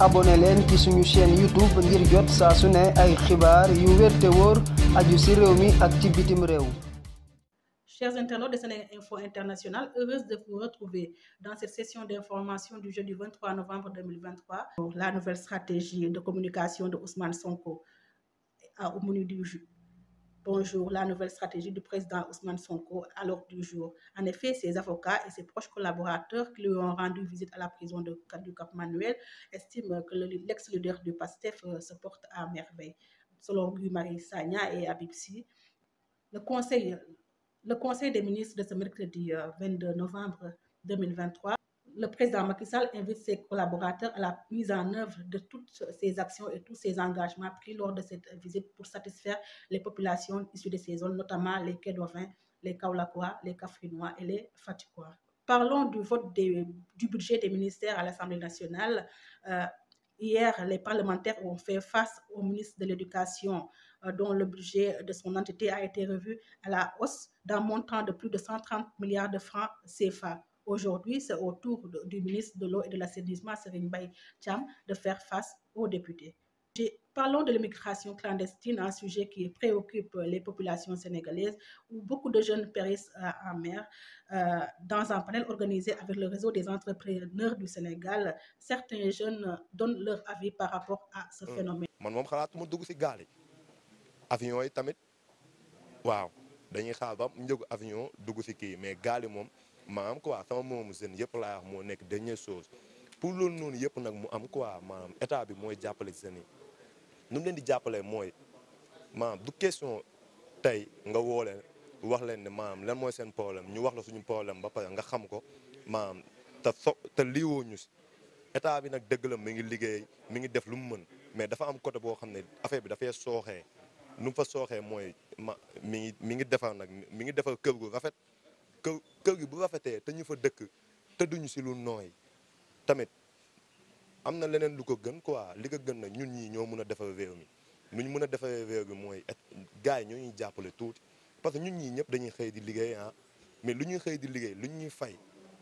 abonné leen ci suñu chaîne YouTube ngir jot saa su ne ay xibaar yu werte te wóor aju ci réew mi ak ci bitim réew. Chers internautes de SeneInfo International, heureuse de vous retrouver dans cette session d'information du jeudi 23 novembre 2023 pour la nouvelle stratégie de communication de Ousmane Sonko à au du jour. Bonjour, la nouvelle stratégie du président Ousmane Sonko à l'ordre du jour. En effet, ses avocats et ses proches collaborateurs qui lui ont rendu visite à la prison de, du Cap Manuel estiment que l'ex-leader du PASTEF euh, se porte à merveille. Selon Guy-Marie Sagna et Abipsi, le le conseil des ministres de ce mercredi 22 euh, novembre le président Macky Sall invite ses collaborateurs à la mise en œuvre de toutes ces actions et tous ces engagements pris lors de cette visite pour satisfaire les populations issues de ces zones, notamment les Kédovins, les Kaolakois, les Cafrinois et les Fatikois. Parlons du vote des, du budget des ministères à l'Assemblée nationale. Euh, Hier, les parlementaires ont fait face au ministre de l'Éducation, euh, dont le budget de son entité a été revu à la hausse d'un montant de plus Aujourd'hui, c'est au tour de, du ministre de l'Eau et de l'assainissement, Serine Bay Cham, de faire face aux députés. Parlons de l'immigration clandestine, un sujet qui préoccupe les populations sénégalaises, où beaucoup de jeunes périssent euh, en mer. Euh, dans un panel organisé avec le réseau des entrepreneurs du Sénégal, certains jeunes donnent leur avis par rapport à ce phénomène. man moom xalaatuma dugg ci gaal yi avion yi tamit waaw dañuy xaar ba njëgu maam maanaam waa sama moomu jeune yëpp laa wax moo nekk dernière chose pour loolu noonu yëpp nag mu am quoi maanaam état bi mooy jàppale jeune yi nu mu leen di jàppale mooy maanaam du question tey nga woole wax leen ne maanaam lan mooy seen problème ñu wax la suñu problème ba pare nga xam ko maanaam te so te liiwoo ñu si état bi nag dëgg la mi ngi liggéey mi ngi def lu mu mën mais dafa am côté boo xam ne affaire bi dafay sooxee nu mu fa sooxee mooy ma mi ngi mi ngi defar nag mi ngi defar kër gu rafet kër kër gi bu rafetee te ñu fa dëkk te du ñu si lu nooy tamit am na leneen lu ko gën quoi li ko gën na ñun ñii ñoo mun a defar réew mi lu ñu mën a defaree réew mi mooy gars yi ñoo ñu jàppale tuuti parce que ñun ñii ñëpp dañuy xëy di liggéey ah mais lu ñuy xëy di liggéey lu ñuy fay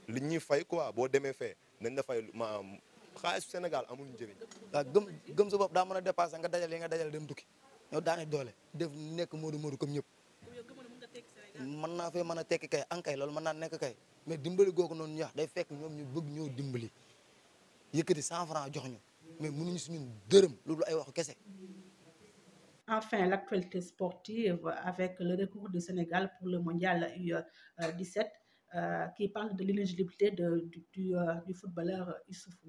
li ñuy fay quoi boo demee fee dañ la fay maanaam xaalisu Sénégal amul njëriñ. waaw gëm gëm sa bopp daa mën a dépassé nga dajal yi nga dajal dem tukki ñoo daane doole def nekk moodu moodu comme ñëpp. mën naa fee mën a tekki kay an loolu mën naa nekk kay mais dimbali googu noonu ñu wax day fekk ñoom ñu bëgg ñoo dimbali yëkkati cent franc jox ñu mais mënuñu suñu dërëm loolu ay waxu kese. Enfin, l'actualité sportive avec le recours du Sénégal pour le mondial U17 euh, qui parle de l'inéligibilité du, du, euh, du footballeur Issoufou.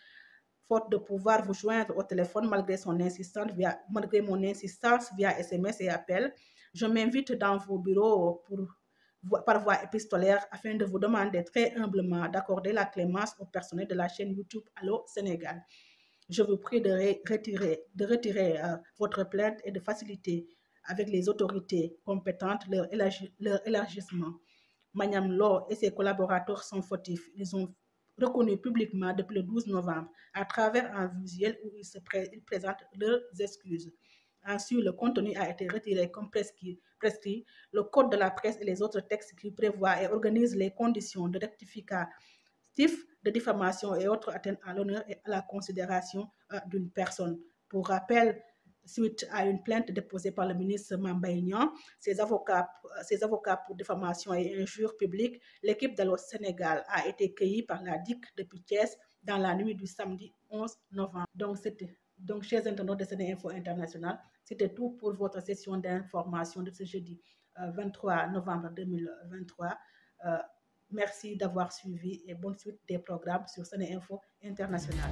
faute de pouvoir vous joindre au téléphone malgré son insistance via, malgré mon insistance via SMS et appel, je m'invite dans vos bureaux par voie épistolaire afin de vous demander très humblement d'accorder la clémence au personnel de la chaîne YouTube Allo Sénégal. Je vous prie de retirer, de retirer euh, votre plainte et de faciliter avec les autorités compétentes leur, élargi, leur élargissement. Magnam Law et ses collaborateurs sont fautifs. reconnu publiquement depuis le 12 novembre à travers un visuel où ils, se pré ils leurs excuses. Ensuite, le contenu a été retiré comme prescrit, Le code de la presse et les autres textes qui prévoient et organisent les conditions de rectificatif de diffamation et autres atteintes à l'honneur et à la considération euh, d'une personne. Pour rappel, suite à une plainte déposée par le ministre Mambay Niang, ses avocats, ses avocats pour diffamation et injures publiques, l'équipe d'Allo Sénégal a été cueillie par la de Thiès dans la nuit du samedi 11 Donc, c'était donc, chers internautes de CNE Info International, c'était tout pour votre session d'information de ce jeudi 23 euh, novembre 2023. Euh, merci et bonne suite des programmes sur CNE Info International.